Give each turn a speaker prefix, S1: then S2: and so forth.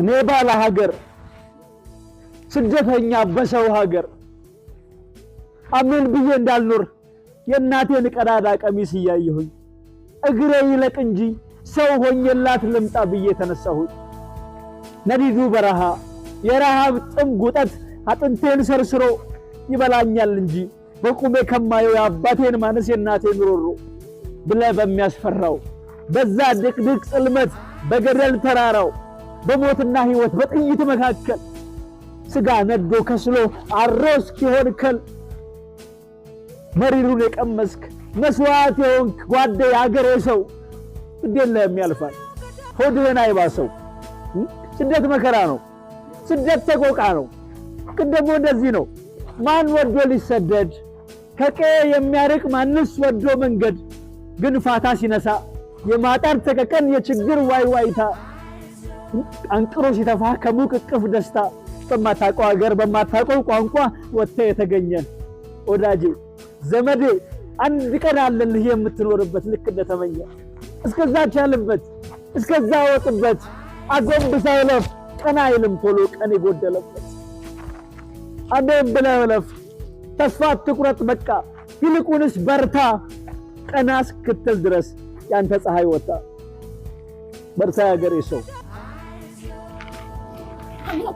S1: እኔ ባለ ሀገር ስደተኛ በሰው ሀገር አሜን ብዬ እንዳልኖር የእናቴን ቀዳዳ ቀሚስ እያየሁኝ እግሬ ይለቅ እንጂ ሰው ሆኜላት ልምጣ ብዬ ተነሳሁኝ። ነዲዱ በረሃ የረሃብ ጥም ጉጠት አጥንቴን ሰርስሮ ይበላኛል እንጂ በቁሜ ከማየው የአባቴን ማነስ የእናቴን ሮሮ ብለ በሚያስፈራው በዛ ድቅድቅ ጽልመት በገደል ተራራው በሞትና ሕይወት በጥይት መካከል ስጋ ነዶ ከስሎ አሮ እስኪሆን መሪሉን መሪሩን የቀመስክ መስዋዕት የሆንክ ጓደ የአገሬ ሰው ግዴለህም ያልፋል። ሆድህን አይባሰው። ስደት መከራ ነው። ስደት ተቆቃ ነው። ግን ደግሞ እንደዚህ ነው። ማን ወዶ ሊሰደድ ከቀየ የሚያርቅ ማንስ ወዶ መንገድ ግን ፋታ ሲነሳ የማጣር ተቀቀን የችግር ዋይታ አንቅሮ ሲተፋ ከሙቅ እቅፍ ደስታ በማታውቀው ሀገር በማታውቀው ቋንቋ ወጥተ የተገኘን ወዳጄ ዘመዴ አንድ ቀን አለልህ የምትኖርበት ልክ እንደተመኘ እስከዛ ቻልበት እስከዛ ወጥበት አጎንብሳ እለፍ ቀን አይልም ቶሎ ቀን የጎደለበት አደም ብለህ እለፍ ተስፋ ትቁረጥ በቃ ይልቁንስ በርታ ቀና እስክትል ድረስ ያንተ ፀሐይ ወጣ በርታ ያገሬ ሰው 他没有。